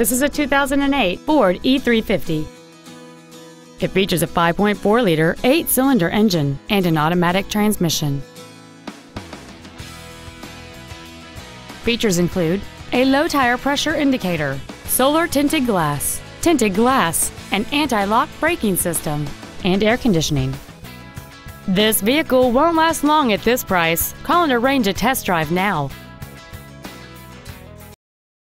This is a 2008 Ford E350. It features a 5.4-liter, eight-cylinder engine and an automatic transmission. Features include a low-tire pressure indicator, solar tinted glass, tinted glass, an anti-lock braking system, and air conditioning. This vehicle won't last long at this price. Call and arrange a test drive now.